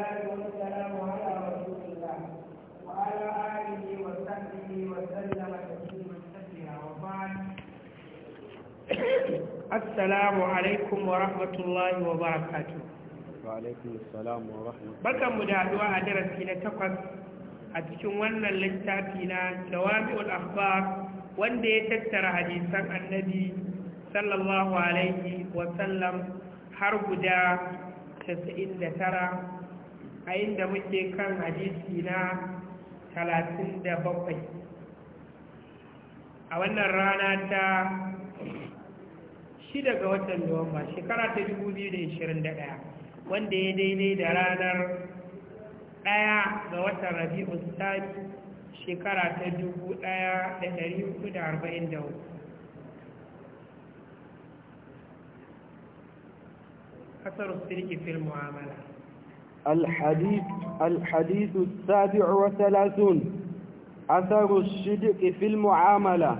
والصلاة والسلام على رسول الله وعلى آله وصحبه وسلم تسليما كثيرا وبعد السلام عليكم ورحمة الله وبركاته وعليكم السلام ورحمة الله بكم مدعوة درسنا تقص a cikin wannan littafi na تكتر حديثا wanda ya tattara hadisan annabi sallallahu alaihi wasallam har guda 99 a inda muke kan hadisi na 37 a wannan rana ta 6 ga watan nuwamba shekara ta 2021 wanda ya daidai da ranar 1 ga watan rabi ustari shekara ta 1444 kasar sirki fil mu'amala الحديث الحديث السابع وثلاثون أثر الشدق في المعاملة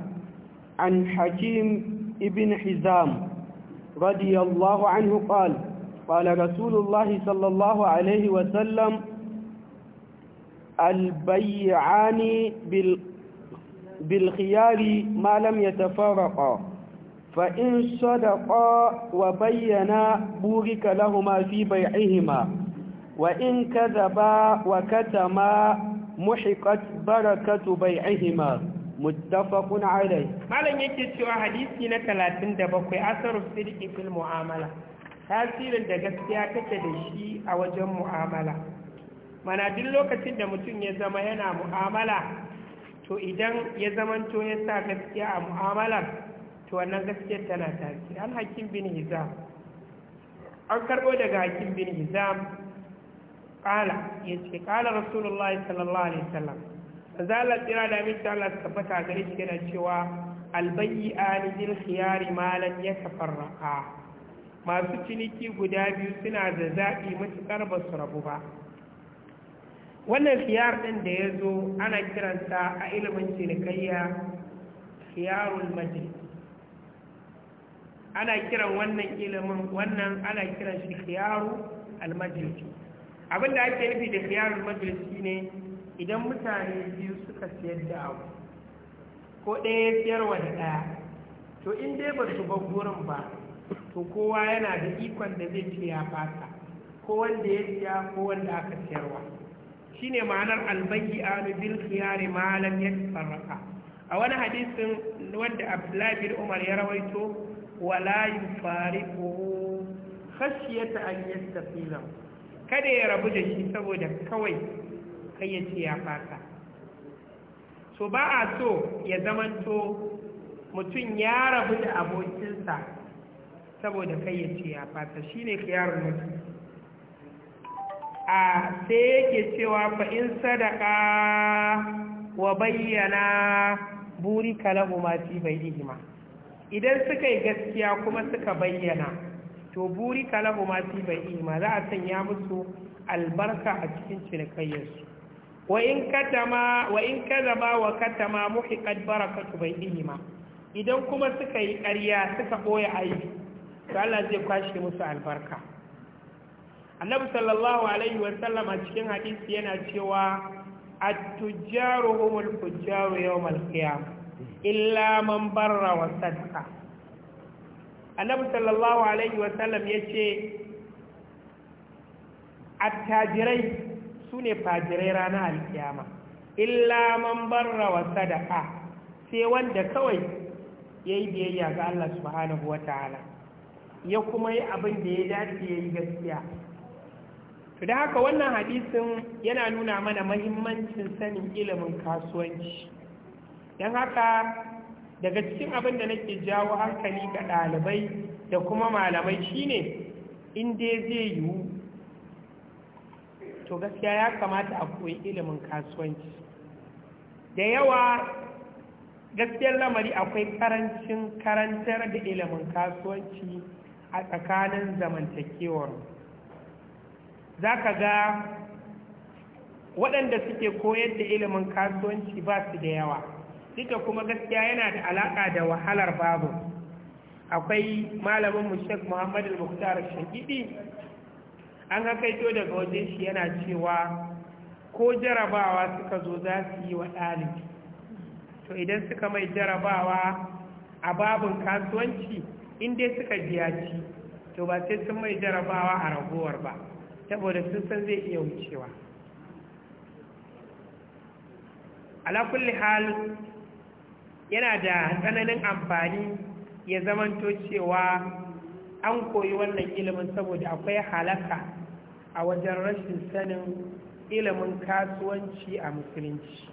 عن حكيم ابن حزام رضي الله عنه قال قال رسول الله صلى الله عليه وسلم البيعان بالخيار ما لم يتفرقا فإن صدقا وبينا بورك لهما في بيعهما وإن كذبا وكتما محقت بركة بيعهما متفق عليه ما لن cewa hadisi na 37 asarus sirqi fil muamala tasirin da gaskiya take da shi a wajen mu'amala mana duk lokacin da mutum ya zama yana mu'amala to idan ya zaman to ya sa gaskiya a mu'amalar to wannan gaskiyar tana tasiri an hakim bin hizam an karbo daga hakim bin hizam ƙala ya ce ƙala rasulullahi sallallahu alaihi wasallam zalar tsira da aminci Allah su tabbata gare shi yana cewa albayi alijin khiyari malan ya tafarraka masu ciniki guda biyu suna da zaɓi matuƙar ba su rabu ba wannan khiyar ɗin da ya zo ana kiransa a ilimin cinikayya khiyarul majlis ana kiran wannan ilimin wannan ana kiran shi khiyaru almajlisi abin da ake nufi da khiyarul shi ne idan mutane biyu suka siyar da abu ko ɗaya siyarwa da ɗaya to in dai ba su bar gurin ba to kowa yana da ikon da zai ce ya fasa ko wanda ya siya ko wanda aka siyarwa ne ma'anar albayi wani bil khiyari malam ya sarrafa a wani hadisin wanda abdullahi bin umar ya rawaito wala ko khashyata an yastafila kada ya rabu da shi saboda kawai kai ya ce ya fasa so ba a so ya zamanto mutum ya rabu da abokinsa saboda kai ya ce ya fasa shi ne kiyarun mutum a sai yake cewa fa'in sadaka wa bayyana buri kalahu ma fi bai idan suka yi gaskiya kuma suka bayyana to buri kalahu ma fi bai'ihima za a sanya musu albarka a cikin cinikayyarsu wa in katama wa in kadama wa katama bai barakatu ma. idan kuma suka yi ƙarya suka boye aiki, to Allah zai kwashe musu albarka Annabi sallallahu alaihi wa sallam a cikin hadisi yana cewa at-tujjaru humul fujjaru yawmal qiyamah illa man barra wa sadaqa annabi sallallahu alaihi wasallam ya ce attajirai su ne fajirai ranar alkiyama illa man barra wa sadaka sai wanda kawai ya yi biyayya ga Allah subhanahu wa ta'ala ya kuma yi abin da ya dace ya yi gaskiya to da haka wannan hadisin yana nuna mana mahimmancin sanin ilimin kasuwanci don haka daga cikin abin da nake jawo hankali ga ɗalibai da kuma malamai shine in dai zai yiwu to gaskiya ya kamata a koyi ilimin kasuwanci da yawa gaskiyar lamari akwai karancin karantar da ilimin kasuwanci a tsakanin zamantakewar za ka ga waɗanda suke koyar da ilimin kasuwanci ba su da yawa duka kuma gaskiya yana da alaƙa da wahalar babu akwai malamin mushek muhammad al-muktar shakidi an kaito daga wajen shi yana cewa ko jarabawa suka zo za su yi wa ɗalibi to idan suka mai jarabawa a babin kasuwanci inda suka biya ci to ba sai sun mai jarabawa a ragowar ba saboda sun san zai iya wucewa alakulli hal yana da tsananin amfani ya zamanto cewa an koyi wannan ilimin saboda akwai halaka a wajen rashin sanin ilimin kasuwanci a musulunci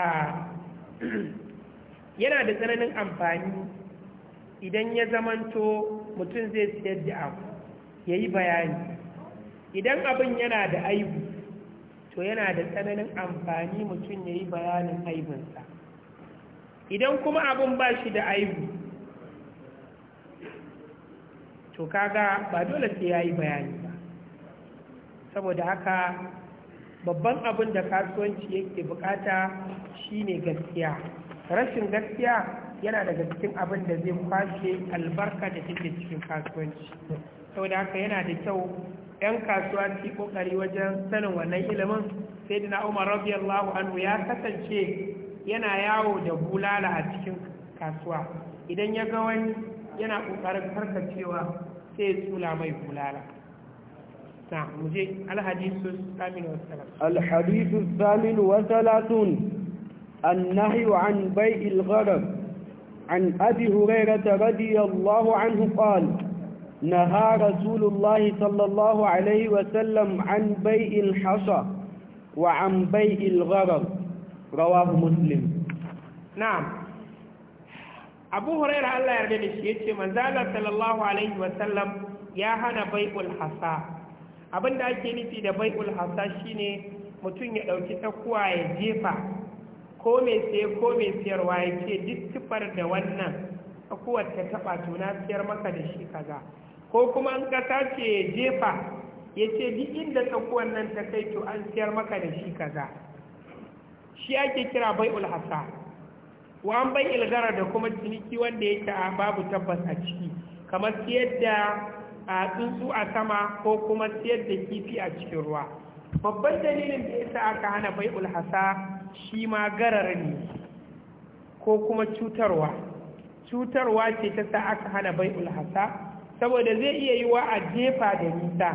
yana da tsananin amfani idan ya zamanto mutum zai siyar da abu ya yi bayani idan abin yana da aibu to yana da tsananin amfani mutum ya yi bayanin aibinsa idan kuma abin ba shi da aibu to kaga ba dole sai ya yi bayani ba saboda haka babban abin da kasuwanci yake bukata shine gaskiya rashin gaskiya yana daga cikin abin da zai kwashe albarka da cikin kasuwanci saboda haka yana da kyau 'yan kasuwa ci kokari wajen sanin wannan ilimin sai dina umar radiyallahu anhu ya kasance yana yawo da bulala a cikin kasuwa idan ya ga wani yana kokarin karkacewa sai ya tsula mai bulala نعم مجيء الحديث الثامن والثلاثون الحديث الثامن والثلاثون النهي عن بيع الغرب عن أبي هريرة رضي الله عنه قال نهى رسول الله صلى الله عليه وسلم عن بيع الحصى وعن بيع الغرر رواه مسلم نعم أبو هريرة الله يرضي عنه من زال صلى الله عليه وسلم يا هنا بيع الحصى abin da ake nufi da bai'ul hasa shine mutum ya ɗauki takuwa ya jefa ko mai saye ko mai siyarwa ya ce duk tufar da wannan takuwar ta taɓa to na siyar maka da shi kaza ko kuma an ƙasa ce jefa ya ce duk inda tsakuwan nan ta kai to an siyar maka da shi kaza shi ake kira bai ulhasa wa an bai ilgara da kuma ciniki wanda ya ta babu tabbas a ciki kamar siyar da a tsuntsu a sama ko kuma siyar da kifi a cikin ruwa babban dalilin da ya sa aka hana bai ulhasa shi ma garar ne ko kuma cutarwa cutarwa ce ta sa aka hana bai ulhasa saboda zai iya yi wa a jefa da nisa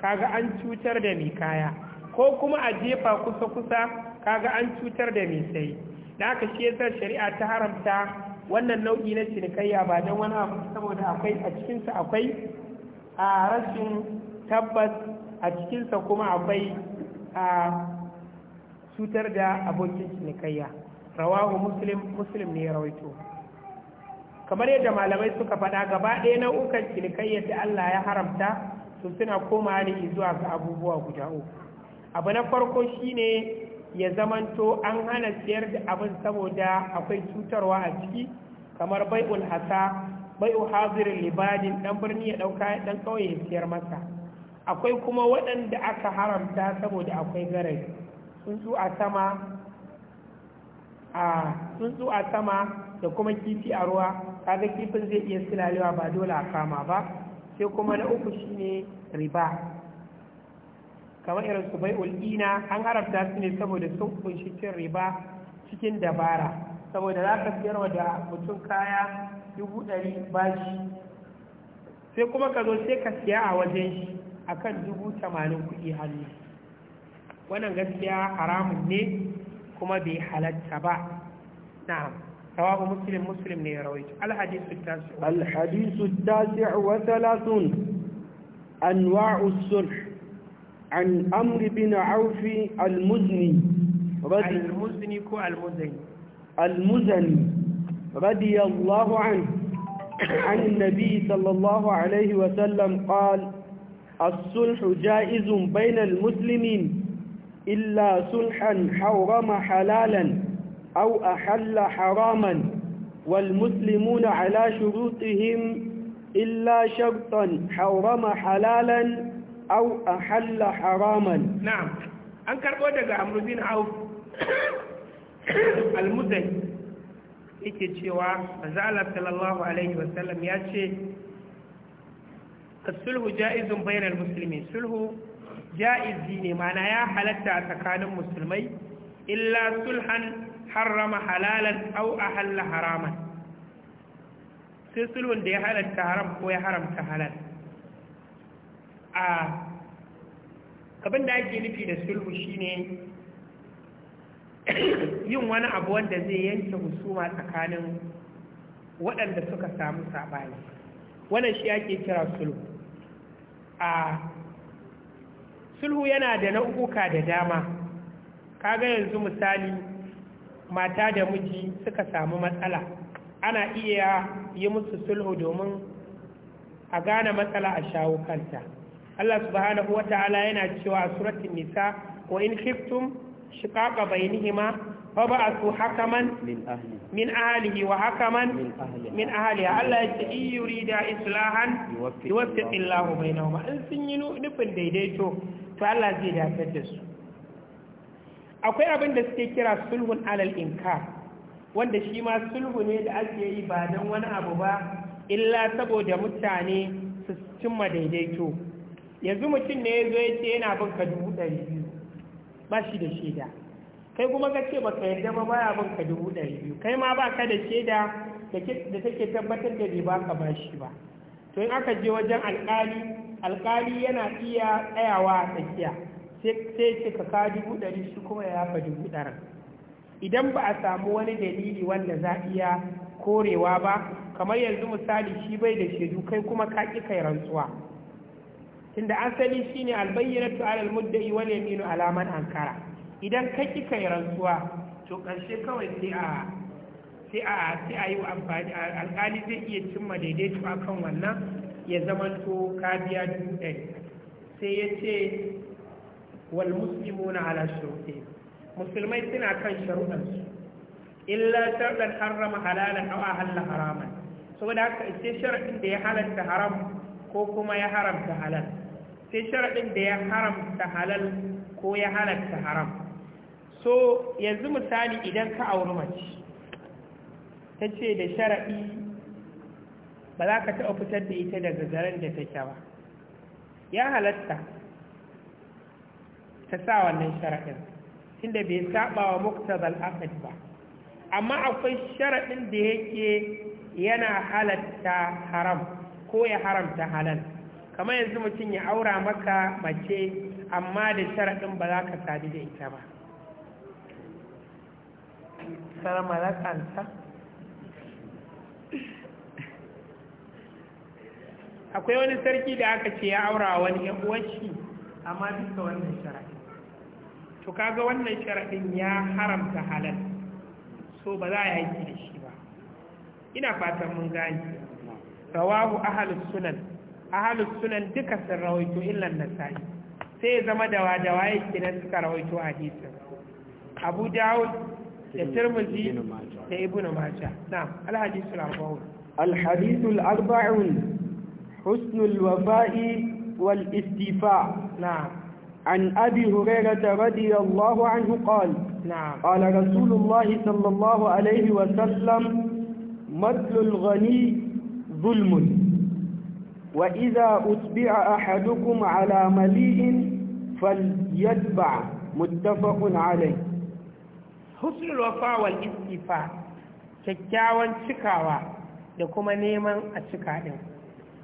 kaga an cutar da mai kaya ko kuma a jefa kusa-kusa kaga an cutar da mai sai da aka shi shari'a ta haramta wannan nau'i na cinikayya ba don wani abu saboda akwai a cikinsa akwai a rashin tabbas a cikinsa kuma akwai a cutar da abokin cinikayya rawahu muslim muslim ne ya rawaito kamar yadda malamai suka faɗa gaba ɗaya nau'ukan cinikayyar da Allah ya haramta su suna koma ne zuwa ga abubuwa guda uku abu na farko shine ya zamanto an hana siyar da abin saboda akwai cutarwa a ciki kamar bai'ul hasa bai'u hazirin libadin dan birni ya dauka dan kauye ya siyar masa akwai kuma waɗanda aka haramta saboda akwai garai zo a sama a tsuntsu a sama da kuma kifi a ruwa kaga kifin zai iya silalewa ba dole a kama ba sai kuma na uku shi ne riba kamar irin su bai ul'ina an harafta su ne saboda sun kunshi cin riba cikin dabara saboda za ka siyarwa da mutum kaya dubu ɗari bashi sai kuma ka zo sai ka siya a wajen shi a kan dubu tamanin kuɗi hannu wannan gaskiya haramun ne kuma bai halatta ba na'am رواه مسلم مسلم ne ya الحديث التاسع الحديث التاسع وثلاثون أنواع الصلح عن أمر بن عوف المزني رضي المزني كو المزني المزني رضي الله عنه عن النبي صلى الله عليه وسلم قال الصلح جائز بين المسلمين إلا صلحا حرم حلالا أو أحل حراما والمسلمون على شروطهم إلا شرطا حرم حلالا أو أحل حراما نعم أنكر بودك عمر بن عوف المزي yake cewa mazalar sallallahu alaihi wasallam ya ce sulhu ja'izun bayanar musulmi sulhu ja'izi ne mana ya halatta a tsakanin musulmai illa sulhan harrama halalan au a haraman sai sulhun da ya halatta haram ko ya haramta halal a abin da ake nufi da sulhu shine yin wani abu wanda zai yanke husuma tsakanin waɗanda suka samu saɓani wannan shi ake kira sulhu a sulhu yana da nau'uka da dama kaga yanzu misali mata da miji suka samu matsala ana iya yi musu sulhu domin a gane matsala a shawo kanta Allah subhanahu wa ta'ala yana cewa a suratul nisa wa in khiftum shiqaqa bainihima fa ba'athu hakaman min ahlihi wa hakaman min ahliha Allah ya ce in yurida islahan yuwaffiqillahu bainahuma in sun yi nufin daidaito to Allah zai dakatar da su akwai abin da suke kira sulhun alal inka wanda shi ma sulhu ne da ake yi ba don wani abu ba illa saboda mutane su cimma daidaito yanzu mutum ne ya zo ya ce yana bin ka dubu ɗari biyu ba shi da shaida kai kuma ka ce ba ka yarda ba baya bin ka dubu ɗari biyu kai ma ba ka da shaida da take tabbatar da bai ba ka ba shi ba to in aka je wajen alƙali alƙali yana iya tsayawa a tsakiya sai ce ka ka dubu ɗari shi kuma ya yafa dubu idan ba a samu wani dalili wanda za iya korewa ba kamar yanzu misali shi bai da shaidu kai kuma ka ƙi kai rantsuwa tunda asali shine albayyanatu alal mudda'i wal yaminu alaman ankara idan ka ƙi kai rantsuwa to ƙarshe kawai sai a sai a sai a yi amfani alƙali zai iya cimma daidaito akan wannan ya zamanto ka biya dubu ɗari sai ya ce wal muslimuna ala shuruti musulmai suna kan sharuɗansu illa sharɗan harrama halalan aw ahalla haraman saboda haka sai sharaɗin da ya halatta haram ko kuma ya haramta halal sai sharaɗin da ya haramta halal ko ya haram so yanzu misali idan ka auri mace ta ce da sharaɗi ba za ka taɓa fitar da ita daga garin da take ba ya halatta ta sa wannan sharaɗin inda bai saba wa muktazal aqd ba amma akwai sharaɗin da yake yana halatta haram ko ya haramta halal kamar yanzu mutum ya aura maka mace amma da sharaɗin ba za ka sadu da ita ba akwai wani sarki da aka ce ya aura wani ya shi amma duka wannan sharaɗin to kaga wannan sharaɗin ya haramta halal so ba za a yaki da shi ba ina fatan mun gani rawahu ahlus sunan ahlus sunan duka sun rawaito illan nasa'i sai zama dawa dawa yake nan suka rawaito hadisin abu dawud da tirmidhi da ibnu majah na'am alhadith al-arba'un alhadith al-arba'un husnul wafa'i istifa عن أبي هريرة رضي الله عنه قال نعم. قال رسول الله صلى الله عليه وسلم مثل الغني ظلم وإذا أتبع أحدكم على مليء فليتبع متفق عليه حسن الوفاء والاستيفاء kyakkyawan cikawa da kuma neman a cika ɗin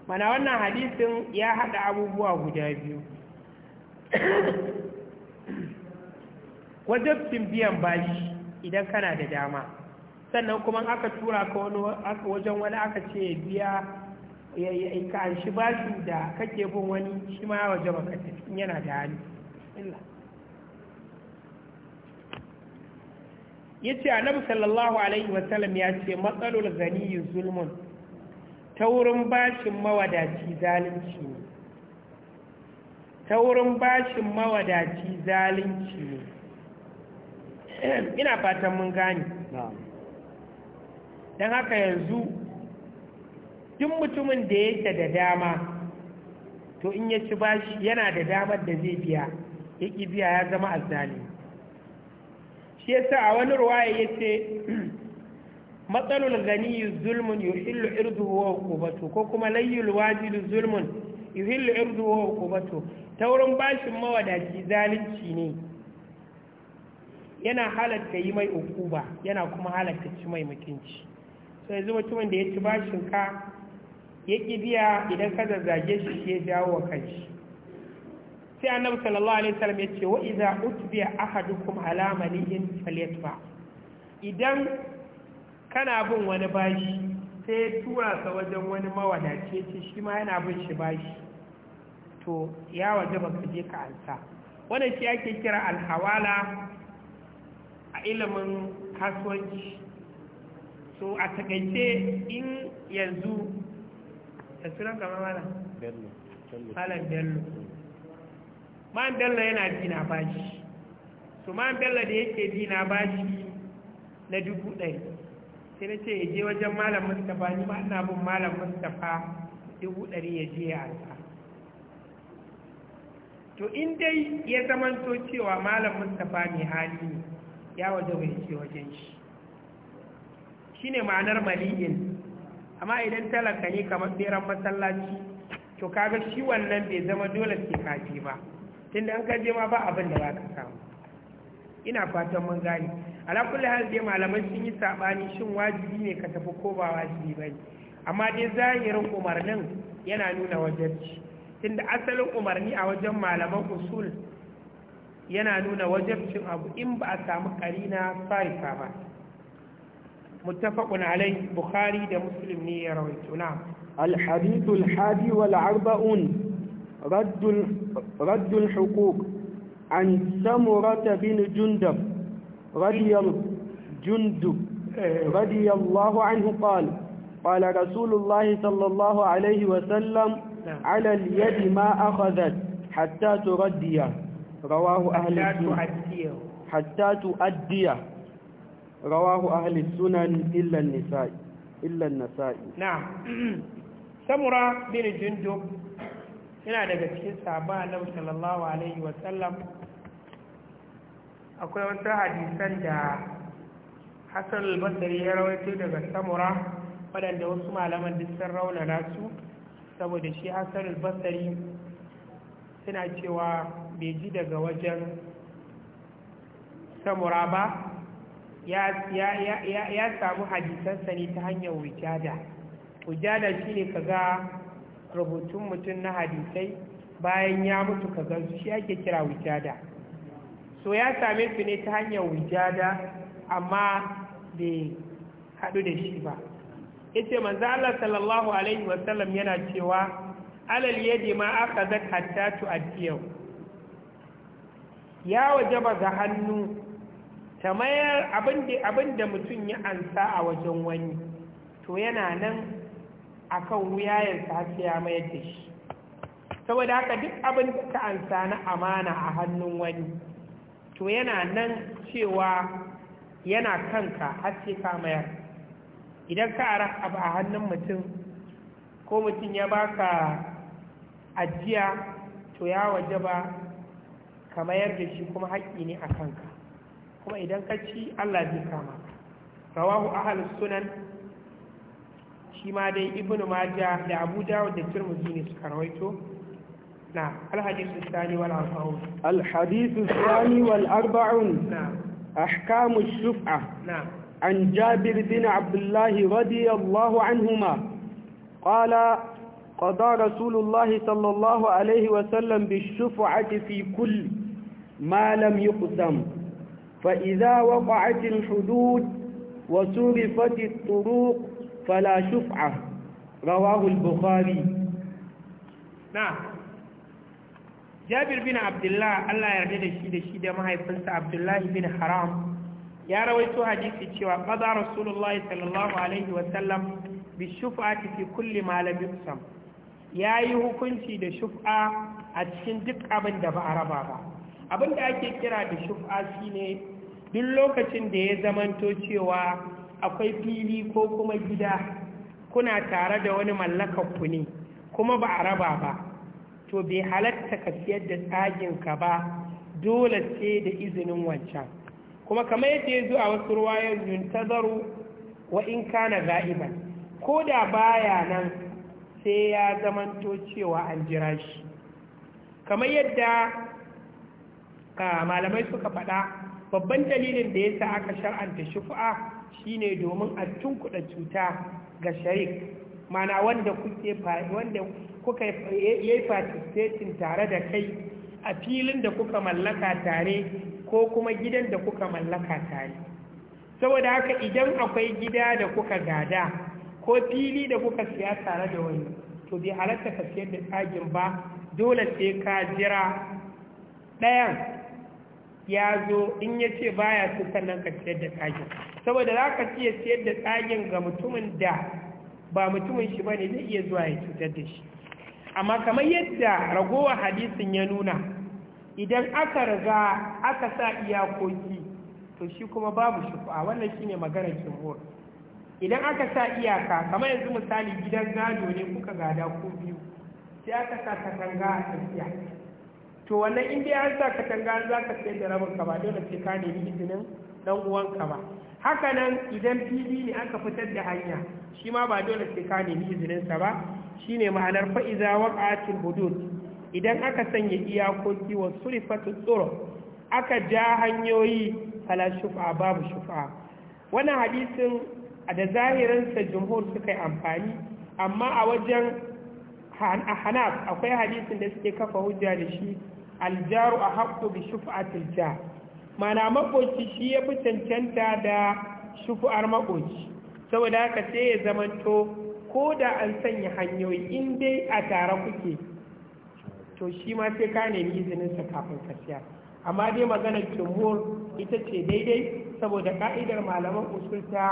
mana wannan hadisin ya haɗa abubuwa guda biyu wajabcin biyan bashi idan kana da dama sannan kuma aka tura ka wajen wani aka ce biya ya yi aika an shi bashi da kake bin wani shi ma ya waje baka tafi yana da hali ya ce a annabi sallallahu alaihi wasallam ya ce matsalul gani zulmun ta wurin bashin mawadaci zalunci ne ta wurin bashin mawadaci zalunci ne ina fatan mun gani don haka yanzu duk mutumin da yake da dama to in ya ci bashi yana da damar da zai biya ya ƙi biya ya zama azali shi yasa a wani ruwaya ya ce matsalul gani zulmun yi irduhu wa ko kuma layyul wajilu zulmun yi irduhu wa ko ta wurin bashin mawadaci zalunci ne yana halatta yi mai ba yana kuma halatta ci mai mutunci sai zuwa mutumin da ya ci bashin ka ya ƙi biya idan ka zazzage shi ya jawo wa kanshi sai annabi sallallahu alaihi wasallam ya ce wa idza utbi ahadukum ala malihin falyatba idan kana bin wani bashi sai ya tura sa wajen wani mawadaci ce shi ma yana bin shi bashi to ya waje ba ka je ka ansa wannan shi ake kira alhawala a ilimin kasuwanci so a takaice in yanzu da sunan kama mana malam bello man bello yana dina bashi so man bello da yake dina bashi na dubu ɗari sai na ce ya je wajen malam mustapha ni ma bin malam mustapha dubu ɗari ya je ya ansa to in dai ya zamanto cewa malam mustapha mai hali ne ya waje bai ce wajen shi shi ne ma'anar mali'in amma idan talaka ne kamar tseren masallaci to kaga shi wannan bai zama dole sai kaji ba tunda an kaji ma ba abin da za ka samu ina fatan mun gane ala kulli hal dai malaman sun yi saɓani, shin wajibi ne ka tafi ko ba wajibi bane amma dai zahirin umarnin yana nuna wajibi tunda asalin umarni a wajen malaman usul yana nuna wajabcin abu in ba a samu karina sarifa ba muttafaqun alai bukhari da muslim ne ya rawaito na الحديث الحادي wal-Arba'un. رد الحقوق an samu بن جندب رضي جندب رضي الله عنه قال قال رسول الله صلى الله عليه وسلم على اليد ما أخذت حتى ترديه رواه أهل السنن حتى تؤديه رواه أهل السنن إلا النساء إلا النساء نعم سمرة بن جندب yana daga cikin sahaba annabi sallallahu alaihi wa sallam akwai wata hadisan da Hassan al-Basri ya rawaito daga Samura waɗanda wasu malaman duk sun raunana su saboda shi asarar basari suna cewa bai ji daga wajen samura ba ya samu hadisansa ne ta hanyar wujada wujada shi ne ka ga rubutun mutum na hadisai bayan ya mutu ka gansu shi ake kira wujada so ya same su ne ta hanyar wujada amma bai haɗu da shi ba yace manzo Allah sallallahu alaihi wasallam yana cewa alal yadi ma akhadhat hatta tu'tiyahu ya wajaba ga hannu ta mayar abin da mutum ya ansa a wajen wani to yana nan akan wuyayensa har ya mayar da shi saboda haka duk abin da ka ansa na amana a hannun wani to yana nan cewa yana kanka har sai ka mayar idan ka ara abu a hannun mutum ko mutum ya baka ajiya to ya waje ba ka mayar da shi kuma haƙƙi ne a kanka kuma idan ka ci allah zai kama rawahu ahal sunan shi ma dai ibn majah da abu dawud da tirmidhi ne suka rawaito sani wal arba'un alhadisu sani wal arba'un na ahkamu shuf'a na عن جابر بن عبد الله رضي الله عنهما قال قضى رسول الله صلى الله عليه وسلم بالشفعة في كل ما لم يقسم فإذا وقعت الحدود وصرفت الطرق فلا شفعة رواه البخاري نعم جابر بن عبد الله الله يرضى شيء شيء ما هي عبد الله بن حرام ya rawaito hadisi cewa maza rasulullahi sallallahu alaihi wasallam bi shuf'a fi kulli ma sam ya yayi hukunci da shuf'a a cikin duk abin da ba a raba ba abin da ake kira da shuf'a shine duk lokacin da ya zamanto cewa akwai fili ko kuma gida kuna tare da wani mallakar ku ne kuma ba a raba ba to bai halatta ka siyar da tsaginka ba dole sai da izinin wancan kuma kamar yadda ya zo a wasu ruwayar yuntazaru wa in kana ga'iban ko da baya nan sai ya zamanto cewa an jira shi kamar yadda malamai suka faɗa babban dalilin da ya sa aka shar'anta shufa shine domin a tunkuɗa cuta ga sharik mana wanda kuke wanda kuka yi participating tare da kai a filin da kuka mallaka tare ko kuma gidan da kuka mallaka tare saboda haka idan akwai gida da kuka gada ko fili da kuka siya tare da wani to bai halatta ka siyar da tsagin ba dole sai ka jira ɗayan ya zo in ya ce baya su sannan ka siyar da tsagin saboda za ka iya siyar da tsagin ga mutumin da ba mutumin shi ba ne zai iya zuwa ya cutar da shi amma kamar yadda ragowar hadisin ya nuna idan aka riga aka sa iyakoki to shi kuma babu shufa wannan shine maganar jumhur idan aka sa iyaka kamar yanzu misali gidan gado ne kuka gada ko biyu sai aka sa katanga a tafiya to wannan inda an sa katanga za ka sai da rabin ka ba dole sai ka nemi izinin dan uwanka ba haka nan idan fili ne aka fitar da hanya shi ma ba dole sai ka nemi izininsa ba shine ma'anar fa'iza waqatil hudud idan aka sanya iyakoki wa surifatu tsoro aka ja hanyoyi fala shufa babu shufa wannan hadisin da zahirinsa jumhur suka yi amfani amma a wajen hanaf akwai hadisin da suke kafa hujja da shi aljaru a haƙo bi shufa'atul ja mana maƙoci shi ya fi cancanta da shufa'ar maƙoci saboda haka sai ya zamanto ko da an sanya hanyoyi in dai a tare kuke to shi ma sai ka nemi izininsa kafin ka siya amma dai maganar jumhur ita ce daidai saboda ka'idar malaman usul ta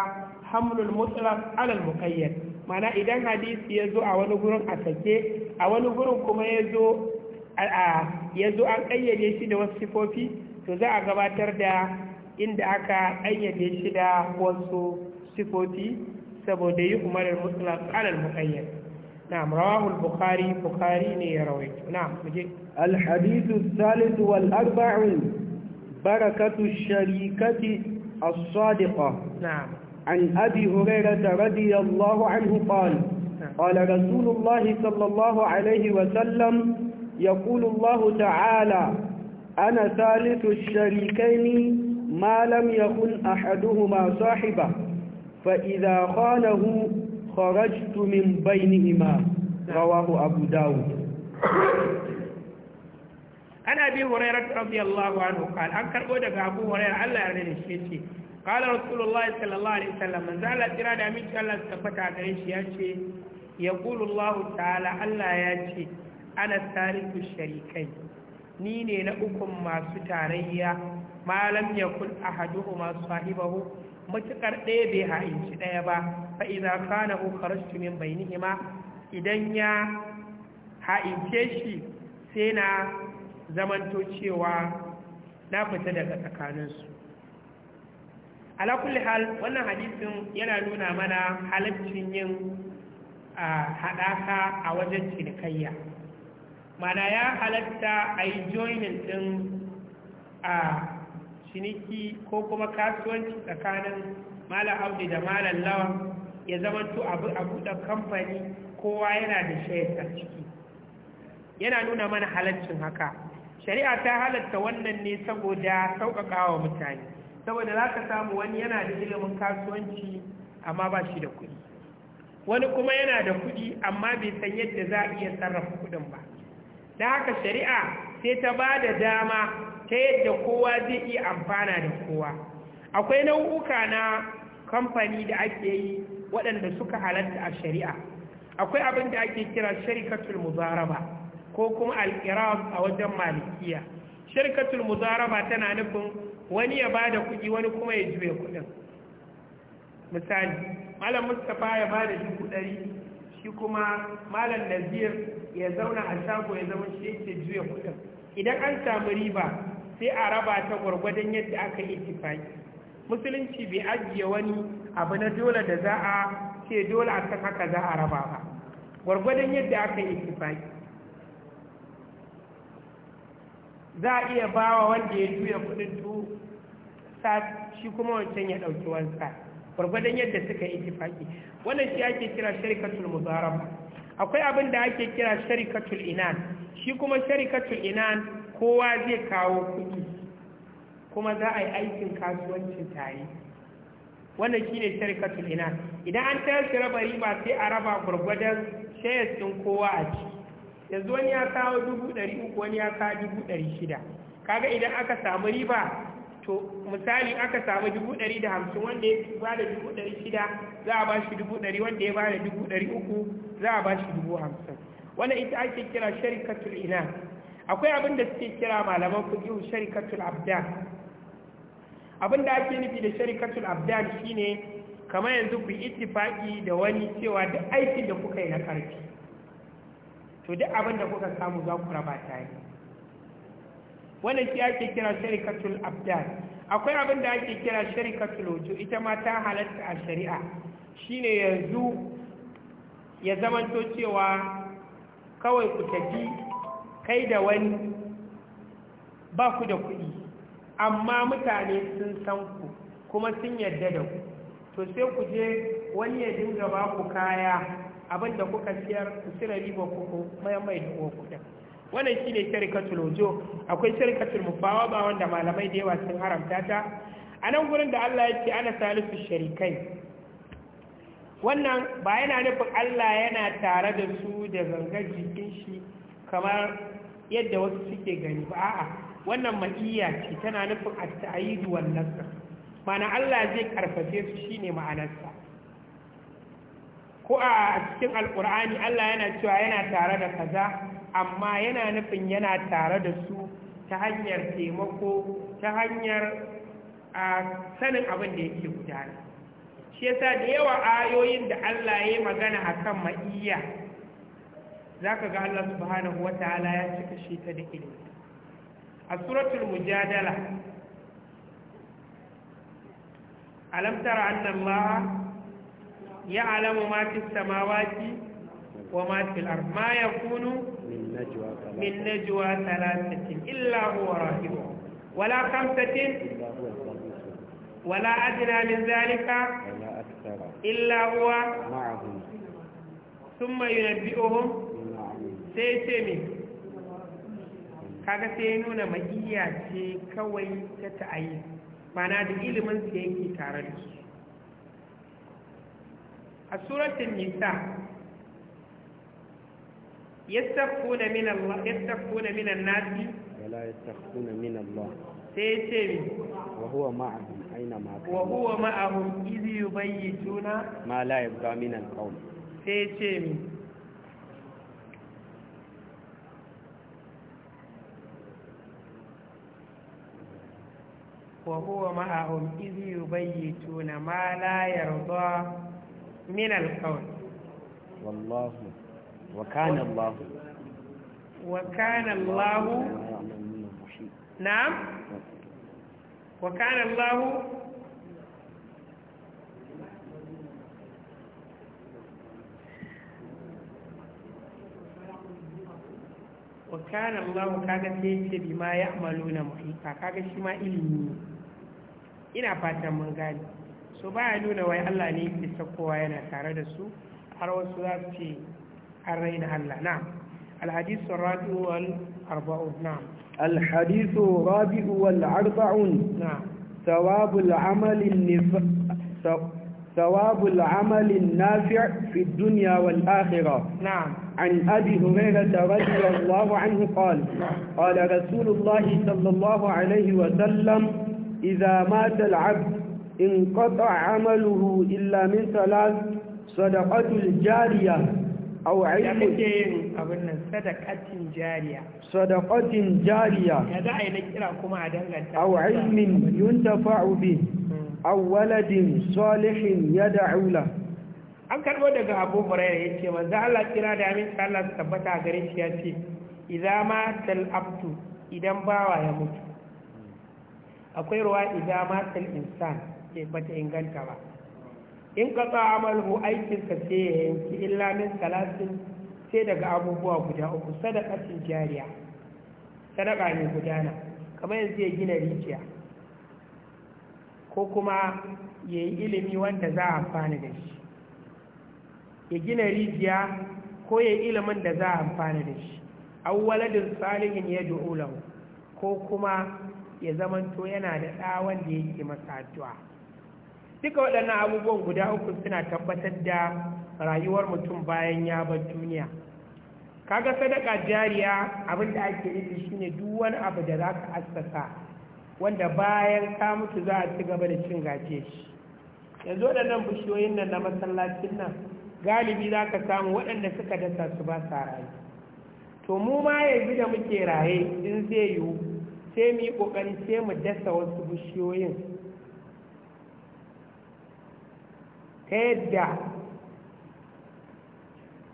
hamlul mutlaq alal muqayyad mana idan hadisi ya zo a wani gurin a sake a wani gurin kuma ya zo ya an ƙayyade shi da wasu sifofi to za a gabatar da inda aka ƙayyade shi da wasu sifofi saboda yi umarar mutlaq alal muqayyad نعم رواه البخاري بخاري رويته نعم مجي. الحديث الثالث والأربعون بركة الشريكة الصادقة نعم عن أبي هريرة رضي الله عنه قال نعم. قال رسول الله صلى الله عليه وسلم يقول الله تعالى أنا ثالث الشريكين ما لم يكن أحدهما صاحبه فإذا خانه kharajtu min bainihima rawahu abu daud an abi huraira radiyallahu anhu qala an karbo daga abu huraira Allah ya rane shi yace sallallahu alaihi wasallam man zala tira da mi Allah ta fata gare shi yace yaqulu Allah ta'ala Allah yace ana tariku sharikai ni ne na ukun masu tarayya malam yakul masu sahibahu mutakar ɗaya bai ha'inci ɗaya ba fa idza kana hu kharajtu min bainihima idan ya ha'ince shi sai na zamanto cewa na fita daga tsakaninsu ala kulli hal wannan hadisin yana nuna mana halaccin yin haɗaka a wajen cinikayya mana ya halatta a yi joinin ɗin a ciniki ko kuma kasuwanci tsakanin malam audi da malam lawan ya zama to abu a buɗe kamfani kowa yana da shayar ciki yana nuna mana halaccin haka shari'a ta halatta wannan ne saboda sauƙaƙawa mutane saboda za ka samu wani yana da ilimin kasuwanci amma ba shi da kuɗi wani kuma yana da kuɗi amma bai san yadda za a iya sarrafa kuɗin ba da haka shari'a sai ta ba da dama ta yadda kowa zai iya amfana da kowa akwai nau'uka na kamfani da ake yi waɗanda suka halatta a shari'a akwai abin da ake kira sharikatul muzaraba ko kuma al'iram a wajen malikiya sharikatul muzaraba tana nufin wani ya bada kuɗi wani kuma ya juya kuɗin misali malam mustapha ya bada dubu ɗari shi kuma malam nazir ya zauna a shago ya zama shi yake juya kuɗin idan an samu riba sai a raba ta gwargwadon yadda aka yi tifaki musulunci bai ajiye wani abu na dole da za a ce dole a ta haka za a raba ba gwargwadon yadda aka yi tufaki za a iya bawa wanda ya juya kudin tu shi kuma wancan ya ɗauki wansa gwargwadon yadda suka yi tufaki wannan shi ake kira sharikatul mudaraba akwai abin da ake kira sharikatul inan shi kuma sharikatul inan kowa zai kawo kuɗi kuma za a yi aikin kasuwancin tare wannan shi ne sharikatul ina idan an tayar shi raba riba sai a raba gwargwadon shayar ɗin kowa a ci yanzu wani ya kawo dubu ɗari uku wani ya kawo dubu ɗari shida kaga idan aka samu riba to misali aka samu dubu ɗari da hamsin wanda ya ba da dubu ɗari shida za a ba shi dubu ɗari wanda ya ba da dubu ɗari uku za a ba shi dubu hamsin wannan ita ake kira sharikatul ina akwai abin da suke kira malaman kuɗi sharikatul abdan abin da ake nufi da sharikatul abdan shine kamar yanzu ku ittifaki da wani cewa duk aikin da kuka yi na karfi to duk abin da kuka samu za ku raba tare wannan shi ake kira sharikatul abdan akwai abin da ake kira sharikatul wujud ita ma ta halatta a shari'a shine yanzu ya zamanto cewa kawai ku tafi kai da wani ba ku da kuɗi amma mutane sun san ku kuma sun yarda da ku to sai ku je wani ya dinga ba ku kaya abinda kuka siyar ku cire riba ku mayan mai da kuɗin wannan shine sharikatul wujo akwai sharikatul mufawa ba wanda malamai da yawa sun haramta ta a nan gurin da Allah ya ce ana salisu sharikai wannan ba yana nufin Allah yana tare da su da gangar jikin shi kamar yadda wasu suke gani ba a'a wannan ma'iyya ce tana nufin a tayidu wan nasr mana Allah zai karfafe su shine ma'anarsa ko a cikin alkur'ani Allah yana cewa yana tare da kaza amma yana nufin yana tare da su ta hanyar taimako ta hanyar a sanin abin da yake gudana shi yasa da yawa ayoyin da Allah ya yi magana akan ma'iyya za ka ga Allah subhanahu wata ta'ala ya cika shi ta da ilimi a suratul mujadala alam tara anna allaha ya'lamu ma fis samawati wa ma fil ard ma yakunu min najwa thalathatin illa huwa rahibuhum wala khamsatin ولا أدنى من ذلك إلا هو معهم ثم ce min. kaga sai ya nuna ma'iyya ce kawai ta ta'ayi mana da ilimin su yake tare da su a suratun nisa yastaffuna min Allah yastaffuna min an-nasi wala yastaffuna min Allah sai ce mi wa huwa ma'ahum aina ma kana wa huwa ma'ahum idh yubayyituna ma la yabqa min al-qawl sai ce mi وهو معهم إذ يبيتون ما لا يرضى من القول والله وكان الله وكان الله نعم وكان الله wa kana Allah kaga sai yake bi ya'maluna muhita kaga shi ma ilimi ina fatan mun gani so ba ya nuna wai Allah ne yake sakowa yana tare da su har wasu za su ce an raina Allah na الحديث الرابع والأربعون نعم الحديث الرابع والأربعون نعم ثواب العمل النفاق ثواب العمل النافع في الدنيا والآخرة نعم عن أبي هريرة رضي الله عنه قال قال رسول الله صلى الله عليه وسلم إذا مات العبد انقطع عمله إلا من ثلاث صدقة الجارية أو علم صدقة جارية صدقة جارية أو علم ينتفع به aw waladin salihin yad'u la an karbo daga Abu Hurairah yace manzo Allah kira da amin Allah su tabbata gare shi yace idza ma tal idan bawa ya mutu akwai ruwa idza ma tal insan ke bata inganta ba in ka tsa amalu aikin ka sai ya yanki illa min salatin sai daga abubuwa guda uku sadaqatin jariya sadaka ne gudana kamar yanzu ya gina rijiya ko kuma ya yi ilimi wanda za a amfani da shi ya gina rijiya ko ya yi ilimin da za a amfani da shi awwaladin salihin ya ji ko kuma ya zamanto yana da tsawon da yake masa addu'a duka waɗannan abubuwan guda uku suna tabbatar da rayuwar mutum bayan ya bar duniya kaga sadaka jariya abinda ake yi shine duk wani abu da zaka assasa wanda bayan ka mutu za a ci gaba da cin gace shi yanzu waɗannan bishiyoyin nan na masallacin nan galibi za ka samu waɗanda suka dasa su ba sa rayu to mu ma yanzu da muke raye in zai yiwu sai mu yi ƙoƙari sai mu dasa wasu bishiyoyin ta yadda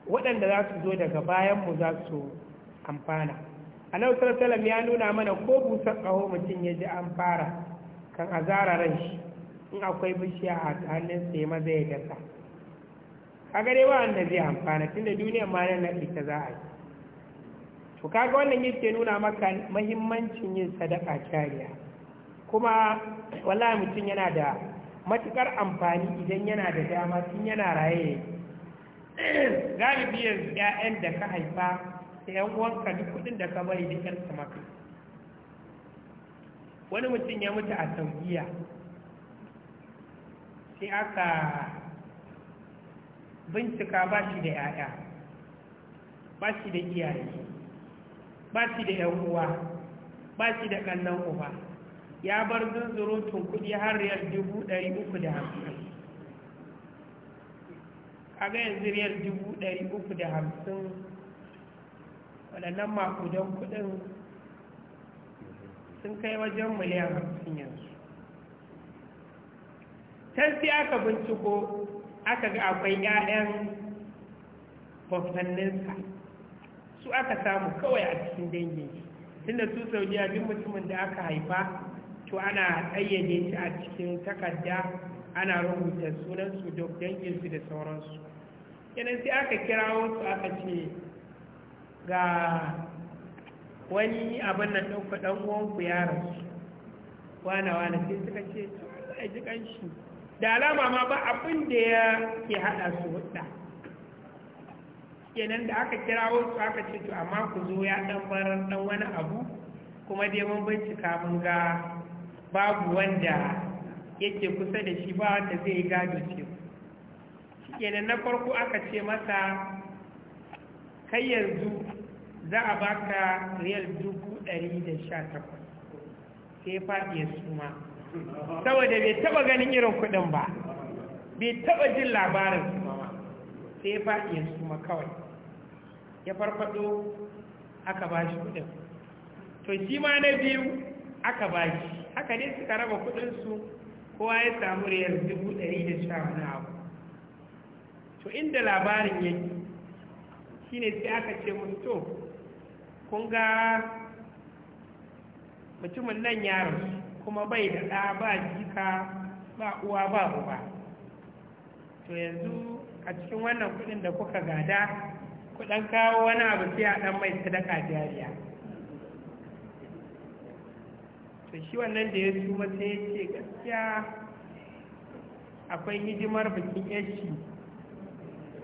waɗanda za su zo daga bayan mu za su amfana annabi sallallahu ya nuna mana ko busar kaho mutum ya ji an fara kan azara ran shi in akwai bishiya a hannun sai maza ya dasa kaga dai wanda zai amfana tunda duniya ma nan ita za a yi to kaga wannan yake nuna maka muhimmancin yin sadaka kariya kuma wallahi mutum yana da matukar amfani idan yana da dama tun yana raye galibi yanzu 'ya'yan da ka haifa ta yan uwanka duk kudin da ka bari duk yarka maka wani mutum ya mutu a saudiya sai aka bincika ba shi da yaya ba shi da iyaye ba shi da yan uwa ba shi da kannan uba ya bar zunzurutun kudi har riyar dubu dari uku da hamsin kaga yanzu riyar dubu dari uku da hamsin waɗannan makudan kuɗin sun kai wajen miliyan hamsin yanzu can sai aka binciko aka ga akwai 'ya'yan bafanninsa su aka samu kawai a cikin dangin shi tunda su a duk mutumin da aka haifa to ana ɗayyade shi a cikin takarda ana rubuta sunansu dangin su da sauransu yanayi sai aka kirawo su aka ce ga wani abin nan ɗauka ɗan uwanku ya rasu wana wana sai suka ce a ji ƙanshi da alama ma ba abin da ya ke haɗa su hudda kenan da aka kira wasu aka ce to amma ku zo ya ɗan barar ɗan wani abu kuma dai mun bincika mun ga babu wanda yake kusa da shi ba wanda zai gado ce kenan na farko aka ce masa kai yanzu za a baka riyal dubu ɗari da sha takwas sai faɗi ya suma saboda bai taɓa ganin irin kuɗin ba bai taɓa jin labarin suma ba sai faɗi ya suma kawai ya farfaɗo aka ba shi kuɗin to shi ma na biyu aka ba shi haka ne suka raba kuɗinsu kowa ya samu riyal dubu ɗari da sha wani abu to inda labarin yake shine sai aka ce mun kun ga mutumin nan yaro kuma bai da ɗa ba jika ba uwa ba uba to yanzu a cikin wannan kudin da kuka gada kudan kawo wani abu sai a dan mai sadaka jariya to shi wannan da ya suma sai ya ce gaskiya akwai hidimar bikin yashi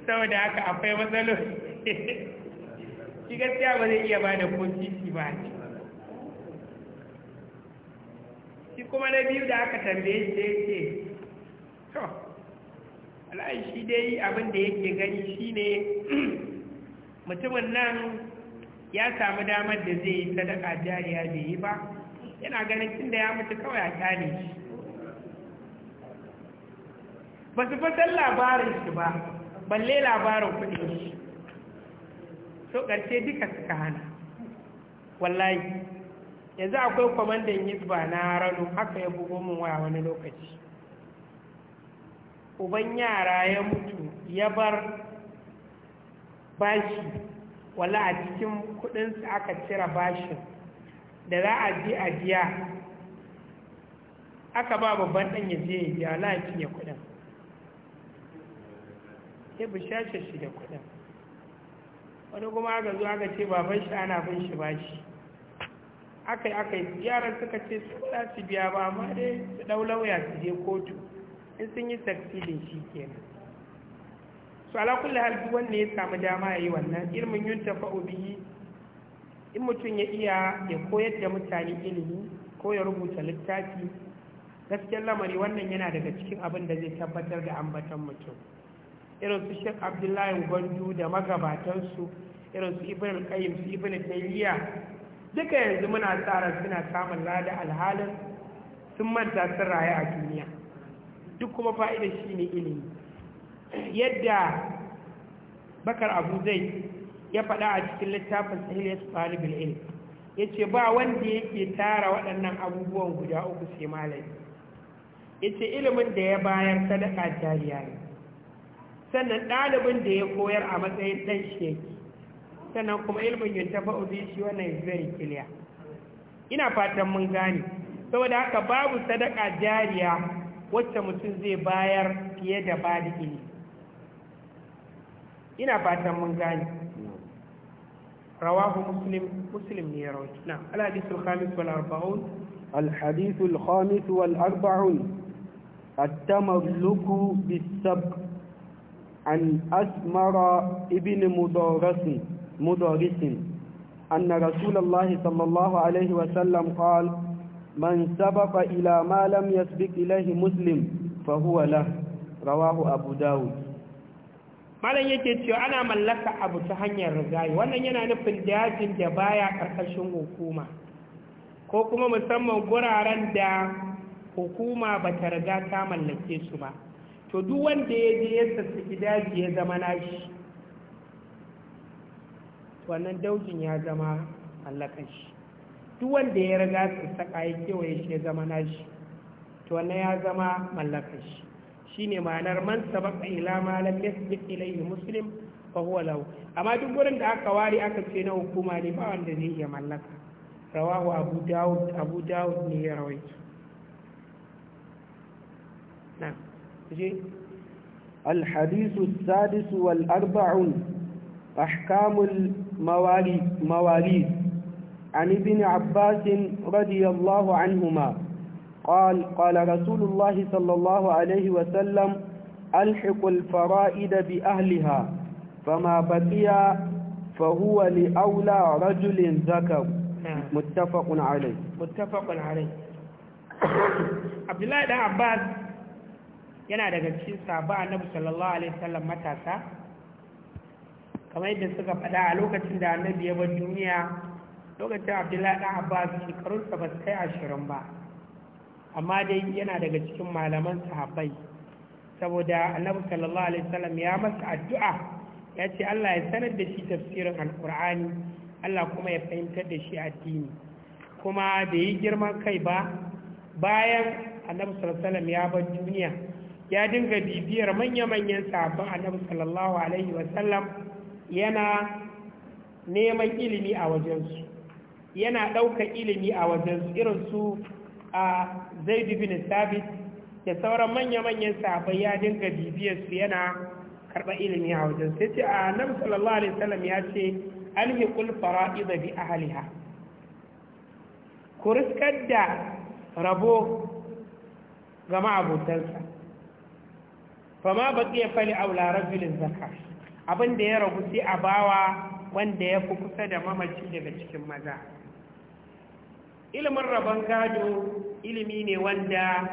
saboda haka akwai matsaloli shi gaskiya ba zai iya ba da kokici ba ne shi kuma na biyu da aka tambaye shi ya ce to ala'ai shi dai abin da yake gani shi ne mutumin nan ya samu damar da zai yi sadaka jariya bai yi ba yana ganin tunda da ya mutu kawai a kyale shi ba su fasar labarin shi ba balle labarin kudin shi to ƙarshe duka suka hana wallahi yanzu akwai kwamandan yizba na rano haka ya bugo min waya wani lokaci uban yara ya mutu ya bar bashi wala a cikin kudinsu aka cira bashin da za a je a biya aka ba babban ɗan ya je ya biya lafiya kudin ya bishashe shi da kudin wani kuma aka zuwa aka ce baban shi ana bin shi bashi aka yi aka yi yaran suka ce su za su biya ba amma dai su ɗau lauya su je kotu in sun yi tafsirin shi nan su alakulli kulli wanda ya samu dama ya yi wannan ilmin yun tafa'u bihi in mutum ya iya ya koyar da mutane ilimi ko ya rubuta littafi gaskiyar lamari wannan yana daga cikin abin da zai tabbatar da ambatan mutum irin su shek abdullahi gwandu da magabatansu irin su ibn qayyim su ibn taliya duka yanzu muna tsara suna samun lada alhalin sun manta sun raye a duniya duk kuma fa'idar shi ne ilimi yadda bakar abu zai ya faɗa a cikin littafin su faru bilil ya ce ba wanda yake tara waɗannan abubuwan guda uku sai malami ya ce ilimin da ya bayar sadaka jariya ne sannan ɗalibin da ya koyar a matsayin ɗan sheki sannan kuma ilmin yuntafa uzi shi wannan Nigeria, very clear ina fatan mun gane saboda haka babu sadaka jariya wacce mutum zai bayar fiye da ba da ilimi ina fatan mun gane rawahu muslim muslim ne ya rawaci na alhadisul khamis wal arba'un الحديث الخامس والأربعون التملك بالسبق عن أسمر ابن مدارس مدارس أن رسول الله صلى الله عليه وسلم قال من سبق إلى ما لم يسبق إليه مسلم فهو له رواه أبو داود malam yake cewa ana mallaka abu ta hanyar rigayi wannan yana nufin dajin da baya karkashin hukuma ko kuma musamman guraren da hukuma ba ta riga ta mallake su ba to duk wanda ya je ya sassaki daji ya zama nashi wannan daujin ya zama mallakan shi duk wanda ya riga sassaka ya kewaye shi ya zama nashi to wannan ya zama mallakan shi shine ma'anar man sabaka ila ma lam yasbiq ilayhi muslim fa huwa lahu amma duk gurin da aka ware aka ce na hukuma ne ba wanda zai iya mallaka rawahu abu dawud abu dawud ne ya rawaito الحديث السادس والأربعون أحكام المواليد عن ابن عباس رضي الله عنهما قال قال رسول الله صلى الله عليه وسلم ألحق الفرائد بأهلها فما بقي فهو لأولى رجل ذكر نعم. متفق عليه متفق عليه عبد الله بن عباس yana daga cikin sabu annabi sallallahu alaihi wasallam matasa kamar yadda suka faɗa a lokacin da annabi ya bar duniya lokacin abdullahi ɗan abbas shekarunsa ba su kai ashirin ba amma dai yana daga cikin malaman sahabbai saboda annabi sallallahu alaihi wasallam ya masa addu'a ya ce Allah ya sanar da shi tafsirin alkur'ani Allah kuma ya fahimtar da shi addini kuma bai yi girman kai ba bayan annabi sallallahu alaihi wasallam ya bar duniya ya dinga bibiyar manya-manyan sabon annabi sallallahu alaihi wasallam yana neman ilimi a wajensu yana ɗaukar ilimi a wajensu irin su a zaidu bin sabit da sauran manya-manyan sahabbai ya dinga bibiyarsu yana karɓa ilimi a wajensu ya ce a annabi sallallahu alaihi wasallam ya ce alhiqul fara'id bi ahliha ku riskar da rabo ga ma'abotansa fama baqiya fali aula rajulin zakka abin da ya ragu sai a bawa wanda ya fi kusa da mamaci daga cikin maza ilimin rabon gado ilimi ne wanda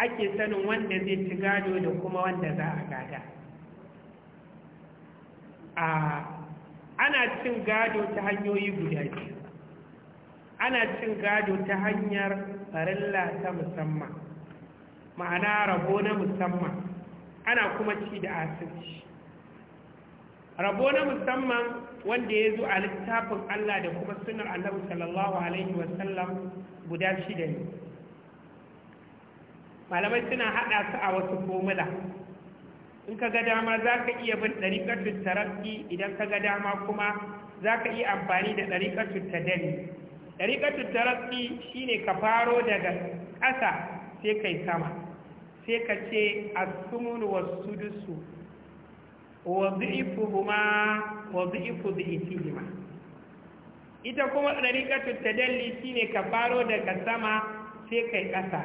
ake sanin wanda zai ci gado da kuma wanda za a gada ana cin gado ta hanyoyi guda biyu ana cin gado ta hanyar farilla ta musamman ma'ana rabo na musamman ana kuma ci da asirci rabo na musamman wanda ya zo a littafin Allah da kuma sunar annabi sallallahu alaihi wasallam guda shida ne malamai suna haɗa su a wasu fomula in ka ga dama za ka iya bin ɗariƙar tarafi idan ka ga dama kuma za ka iya amfani da ɗariƙatun tadani ɗariƙar tarafi shi ne ka faro daga ƙasa sai kai sama sai ka ce asumunu wasu dusu wazi'ifu zi'ifihima ita kuma ta dalli shi ne ka faro daga sama sai ka yi ƙasa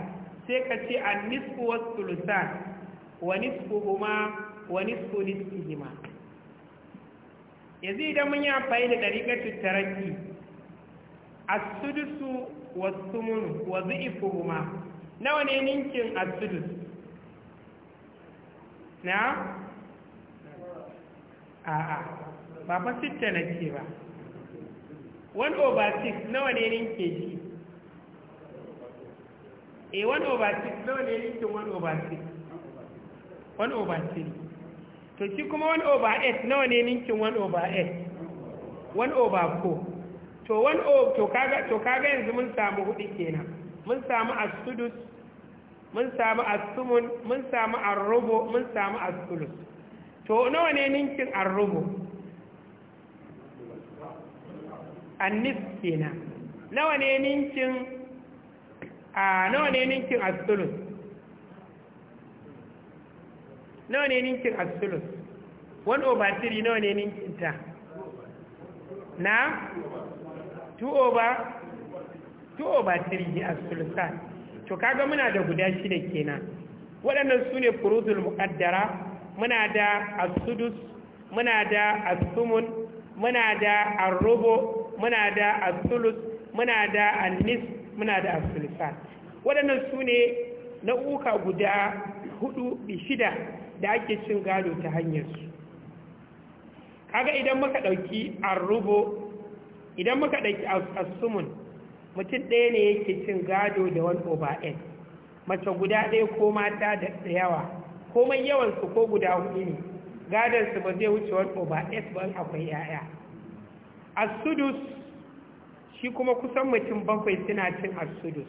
sai ka ce a nisku wasu lusa wa nisku huma wa nisku nisku nisfihima yanzu idan mun yi amfani da ɗariƙatun taraki asudusu wasu munu ifu huma nawa ne ninkin asudus na a'a ba fa sitta na ce ba one over six nawa ne ninke ji e eh, one over six nawa ne ninkin one over six one over to ci kuma one over eight nawa ne ninkin one over eight one over four to one o to kaga yanzu mun samu hudu kenan mun samu a mun samu asumun mun samu arrubo mun samu asulus to nawa ne ninkin arrubo annis kenan nawa ne ninkin a nawa ne ninkin asulus nawa ne ninkin asulus 1 over 3 nawa ne ninkin ta na 2 over 2 over 3 ne asulusan to kaga muna da guda shida kenan waɗannan su ne furuzul muƙaddara muna da asudus muna da asumun muna da arrobo muna da asulus muna da annis muna da asulisan waɗannan su ne na'uka guda hudu shida da ake cin gado ta hanyarsu kaga idan muka ɗauki arrobo, idan muka ɗauki asumun mutum ɗaya ne yake cin gado da wani over n mace guda ɗaya ko mata da yawa komai yawansu ko guda huɗu ne gadonsu ba zai wuce wani over s ba akwai yaya asudus shi kuma kusan mutum bakwai suna cin asudus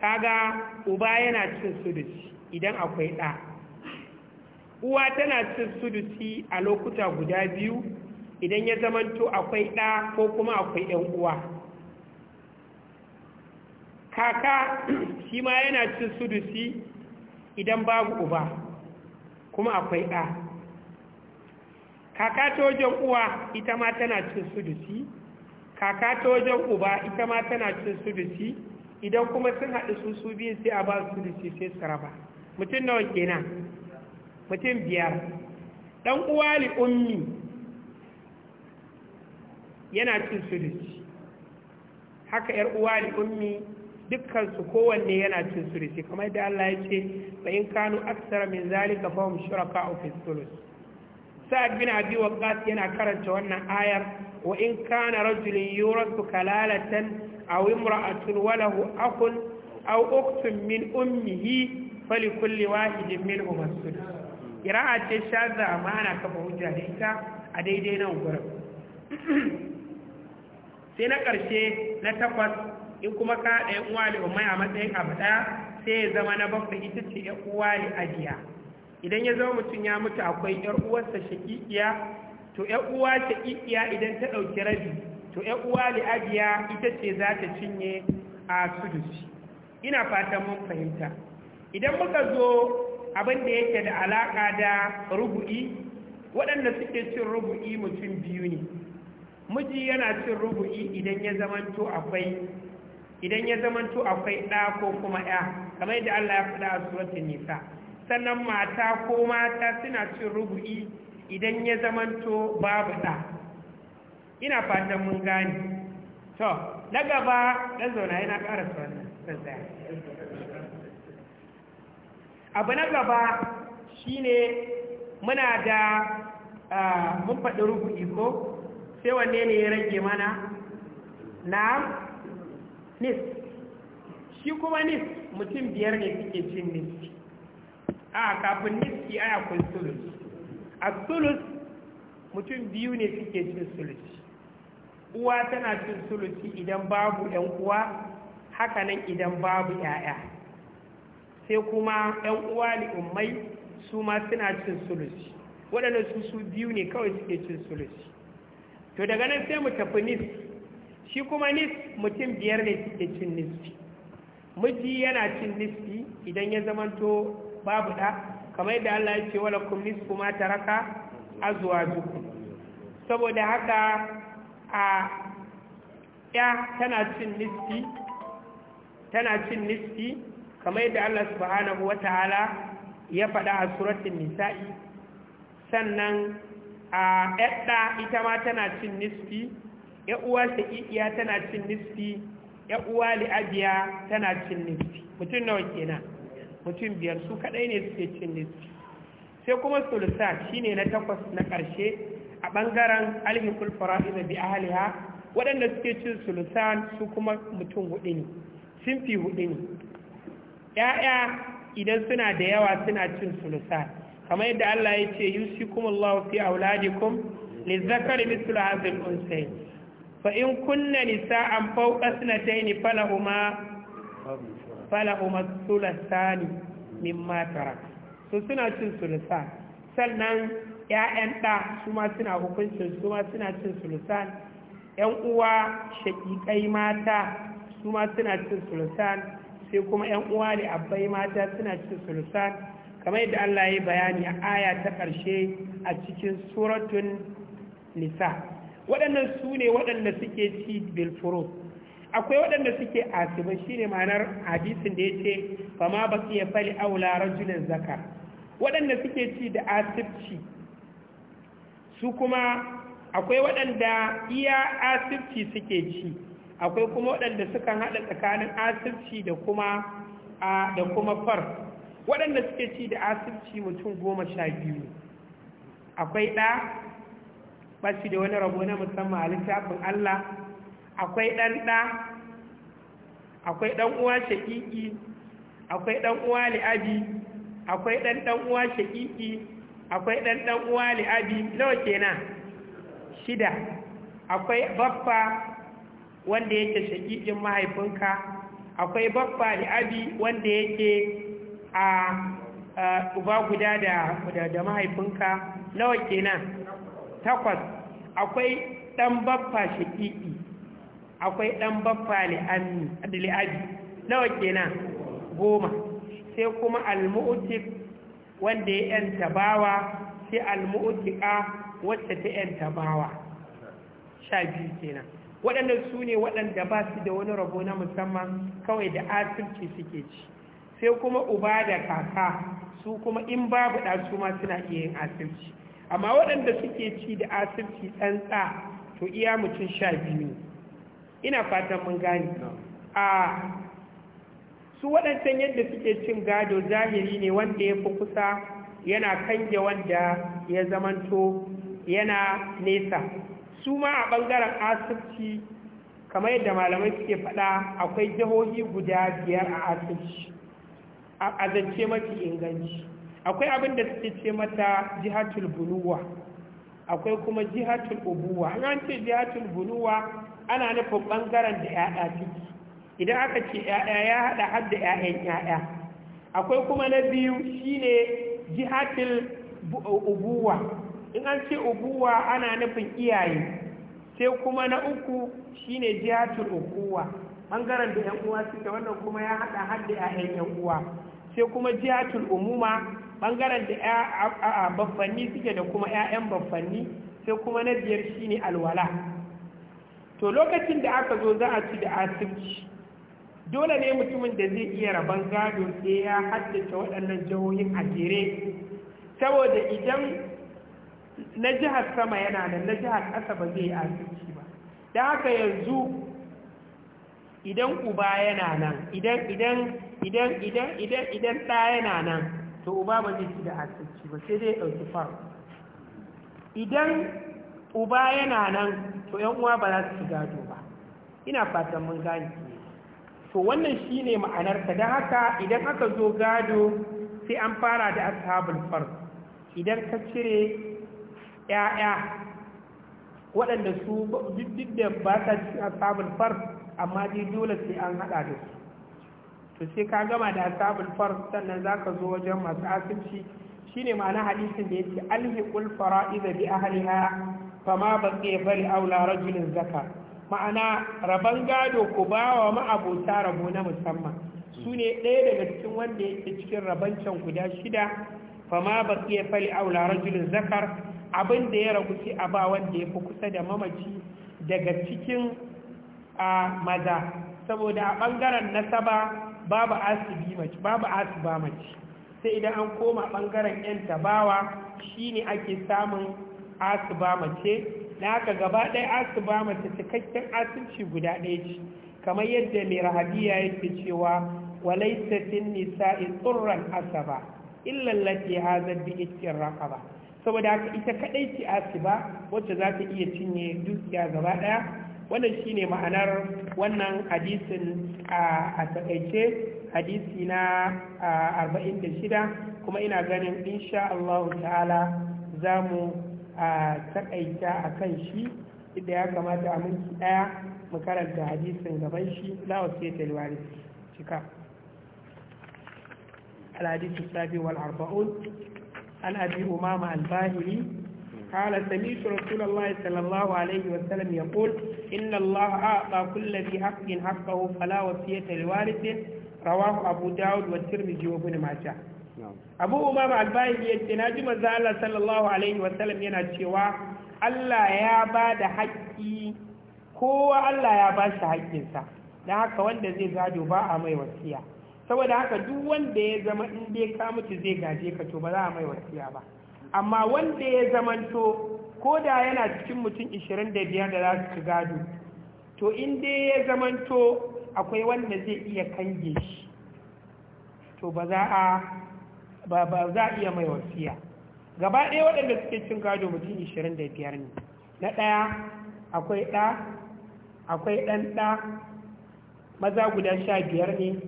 kaga uba yana cin sudus idan akwai ɗa uwa tana cin sudusi a lokuta guda biyu idan ya zamanto akwai ɗa ko kuma akwai ‘yan uwa kaka shi ma yana cin sudusi idan babu uba kuma akwai a kaka ta wajen uwa ita ma tana cin sudusi kaka ta wajen uba ita ma tana cin sudusi idan kuma sun haɗu su su biyu sai a ba su sudusi sai su raba mutum nawa kenan mutum biyar ɗan uwa li ummi yana cin sudusi haka ‘yar uwa li ummi Dukkansu kowanne yana cin sulusi kamar da Allah ya ce fa in kanu aksara min zalika fa hum shuraka fi sulus sa'ad bin abi waqqas yana karanta wannan ayar wa in kana rajulun yurasu kalalatan aw imra'atun wa lahu akhun aw ukhtun min ummihi kulli wahidin minhum as-sulus qira'a ce shadda amana kafa hujja da a daidai nan gurin sai na ƙarshe na takwas in kuma ka haɗa ‘yan uwa mai a matsayin abu ɗaya sai ya zama na bakwai ita ce ‘yan uwa ajiya. idan ya zama mutum ya mutu akwai ‘yar uwarsa shaƙiƙiya to ‘yan uwa shaƙiƙiya idan ta ɗauki rabi to ‘yan uwa ajiya ita ce za ta cinye a sudusi ina fatan mun fahimta idan muka zo abin da yake da alaƙa da rubu'i waɗanda suke cin rubu'i mutum biyu ne miji yana cin rubu'i idan ya zamanto akwai idan ya zamanto akwai ɗa ko kuma ya kamar yadda Allah ya faɗa a suratul nisa sannan mata ko mata suna cin rubu'i idan ya to babu ɗa ina fatan mun gane to na gaba ɗan zauna yana ƙara wannan tsaya abu na gaba shine muna da mun faɗi rubu'i ko sai wanne ne ya rage mana na nis shi kuma nis mutum biyar ne suke cin niski a kafin ki aya kun sulus a sulus mutum biyu ne suke cin sulus uwa tana cin sulus idan babu yan uwa nan idan babu yaya sai kuma yan uwa li'ummai su ma suna cin sulus waɗanda su su biyu ne kawai suke cin sulus to daga nan sai mu tafi nis shi kuma nis mutum biyar ne suke cin nisfi miji yana cin nisfi idan ya zamanto babu da kamar yadda Allah ya ce wala kum nisfu ma taraka azwajukum saboda haka a ya tana cin nisfi tana cin nisfi kamar yadda Allah subhanahu wataala ya faɗa a suratul nisa'i sannan a ita ma tana cin nisfi ya uwa shaƙiƙiya tana cin nisfi ya uwa li'abiya tana cin nisfi mutum nawa kenan mutum biyar su kaɗai ne suke cin nisfi sai kuma sulusa shine na takwas na ƙarshe a ɓangaren alhikul fara'iza bi ahliha waɗanda suke cin sulusa su kuma mutum huɗu ne sun huɗu ne ‘ya'ya idan suna da yawa suna cin sulusa kamar yadda Allah ya ce yusikum Allah fi auladikum lizzakari mithlu hadhihi al-unsay fa in kunna nisa'an fawqa sanatayn falahuma falahuma min mimma tarak so suna cin sulusan sannan ƴaƴan ɗa su ma suna hukuncin su ma suna cin sulusan ƴan uwa shaƙiƙai mata su ma suna cin sulusan sai kuma ƴan uwa da abai mata suna cin sulusan kamar yadda Allah ya bayani a aya ta ƙarshe a cikin suratun nisa waɗannan su ne waɗanda suke ci bilfuro akwai waɗanda suke asibin shi ne ma'anar hadisin da ya ce ba ma ba su ya fali aula julin zaka waɗanda suke ci da asibci su kuma akwai waɗanda iya asibci suke ci akwai kuma waɗanda sukan haɗa tsakanin asibci da kuma da kuma far waɗanda suke ci da asibci mutum goma sha biyu akwai ɗa bashi da wani rabo na musamman a littafin Allah akwai ɗan ɗa akwai ɗan uwa shaƙiƙi akwai ɗan uwa li'abi akwai ɗan ɗan uwa shaƙiƙi akwai ɗan ɗan uwa li'abi nawa kenan shida akwai baffa wanda yake shaƙiƙin mahaifinka akwai baffa li'abi wanda yake a uba guda da mahaifinka nawa kenan takwas akwai ɗan baffa shaƙiƙi akwai ɗan baffa li'abi nawa kenan goma sai kuma almu'utik wanda ya yanta bawa sai almu'utika wacce ta yanta bawa sha biyu kenan waɗanda su ne waɗanda ba su da wani rabo na musamman kawai da asirci suke ci sai kuma uba da kaka su kuma in babu ɗa ma suna iya yin asirci amma waɗanda suke ci da asirci tsa to iya mutum sha biyu ina fatan mun gani a su waɗancan yadda suke cin gado zahiri ne wanda ya fi kusa yana kange wanda ya zamanto yana nesa su ma a ɓangaren asirci kamar yadda malamai suke faɗa akwai jihohi guda biyar a asirci a mafi inganci akwai abin da suke ce mata jihatul buluwa akwai kuma jihatul ubuwa an ce jihatul buluwa ana nufin ɓangaren da ya'ya ciki idan aka ce ya'ya ya haɗa har da ya'yan ya'ya akwai kuma na biyu shine jihatul ubuwa in an ce ubuwa ana nufin iyaye sai kuma na uku shine jihatul ubuwa ɓangaren da 'yan uwa suke wannan kuma ya haɗa har da 'ya'yan 'yan uwa sai kuma jihatul umuma bangaren da baffanni suke da kuma 'ya'yan baffanni sai kuma na biyar ne alwala to lokacin da aka zo za a ci da asibci dole ne mutumin da zai iya rabon gado sai ya haddace waɗannan jihohin a jere saboda idan na jihar sama yana nan na jihar ƙasa ba zai yi asibci ba da haka yanzu idan uba yana nan idan idan ɗa yana nan to uba ba zai ci da asirci ba sai dai ɗauki faru idan uba yana nan to ‘yan uwa ba za su ci gado ba ina fatan mun gane to wannan shi ne ma'anarta don haka idan aka zo gado sai an fara da ashabul far idan ka cire ‘ya'ya waɗanda su duk da ba ta cikin ashabul far amma dai dole sai an haɗa da su to sai ka gama da asabul far sannan zaka zo wajen masu asibci shine ma'ana hadisin da yake alhiqul fara'id bi ahliha fama baqiya fali aula rajulin zakar ma'ana raban gado ku ba bawa ma'abota rabo na musamman su ne ɗaya daga cikin wanda yake cikin rabancan guda shida fama baqiya fali aula rajulin zakar abin da ya ragu shi a ba wanda ya fi kusa da mamaci daga cikin a maza saboda a ɓangaren nasaba babu asibi mace babu asiba mace sai idan an koma bangaren yan tabawa shine ake samun asiba mace da haka gaba ɗaya asiba mace cikakken asibci guda ɗaya ce kamar yadda mai rahadiya yake cewa walaysa fin nisa'i tsurran asaba illa allati hadha bi raqaba saboda haka ita kadai ce asiba wacce za ta iya cinye dukiya gaba ɗaya wannan shi ne ma'anar wannan hadisin a taƙaice hadisi na 46 kuma ina ganin insha Allah ta'ala za mu taƙaita a kan shi inda ya kamata a minti ɗaya mu karanta hadisin gaban shi la wasiyata talwari cika الحديث السابع والأربعون عن أبي al الباهلي قال سميت رسول الله صلى الله عليه وسلم يقول إن الله أعطى كل ذي حق حقه فلا وصية لوارث رواه أبو داود والترمذي وابن ماجه أبو أمام الباهي ya ce na ji maza Allah sallallahu alaihi wasallam yana cewa Allah ya ba da haƙƙi kowa da haka wanda zai gado ba a mai wasiya saboda haka duk wanda ya zama in dai ka mutu zai gaje ka to ba za a mai wasiya ba amma wanda ya zamanto ko da yana cikin mutum 25 da za su ci gado to inda ya zamanto akwai wanda zai iya kange shi to ba za a ba za a iya mai wasiya gaba ɗaya waɗanda suke cin gado mutum 25 ne na ɗaya akwai ɗa akwai ɗan ɗa maza guda sha biyar ne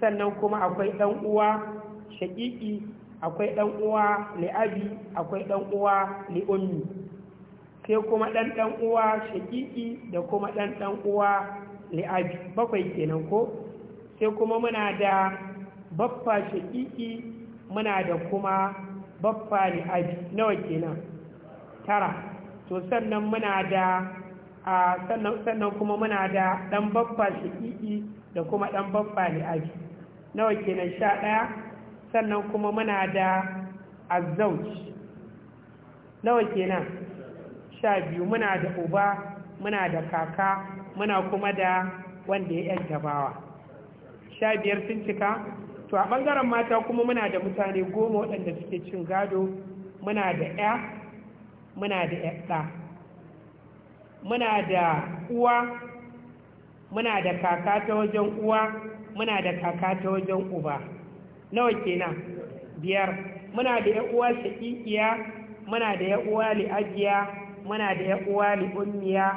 sannan kuma akwai ɗan uwa shaƙiƙi akwai ɗan uwa li abi akwai ɗan uwa li ummi sai kuma ɗan ɗan uwa shaƙiƙi da kuma ɗan ɗan uwa li abi bakwai kenan ko sai kuma muna da baffa shaƙiƙi muna da kuma baffa li abi nawa kenan tara to sannan muna da a sannan sannan kuma muna da ɗan baffa shaƙiƙi da kuma ɗan baffa li abi nawa kenan sha ɗaya sannan kuma muna da azzauj nawa kenan sha biyu muna da uba muna da kaka muna kuma da wanda ya yanta bawa sha biyar sun cika to a ɓangaren mata kuma muna da mutane goma waɗanda suke cin gado muna da ya muna da 'yatsa. muna da uwa muna da kaka ta wajen uwa muna da kaka ta wajen uba nawa kenan biyar muna da ya uwa shaƙiƙiya muna da ya uwa li'ajiya muna da ya uwa li'ummiya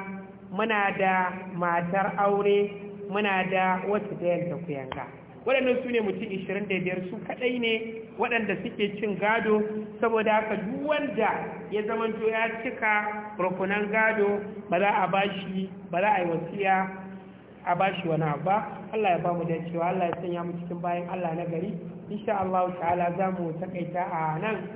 muna da matar aure muna da wata da yanta kuyanga waɗannan su ne mutum 25 su kaɗai ne waɗanda suke cin gado saboda haka duk wanda ya zamanto ya cika rukunan gado ba za a bashi ba za a yi wasiya a bashi wani abu ba Allah ya ba mu dacewa Allah ya sanya mu cikin bayan Allah na gari insha Allah ta'ala za mu takaita a nan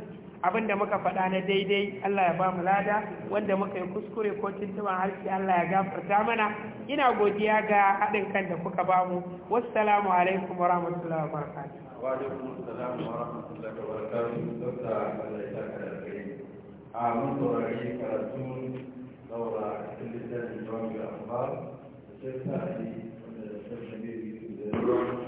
abinda muka faɗa na daidai Allah ya ba mu lada wanda muka yi kuskure ko har harshe Allah ya gafarta mana ina godiya ga haɗin kan da kuka ba mu wassalamu alaikum wa rahmatullahi wa barakatuh wa alaikum assalam wa rahmatullahi wa barakatuh dokta Allah ya saka da kai a mun saurari karatu daura cikin littafin jami'a amma sai sa yi wanda da shi ne da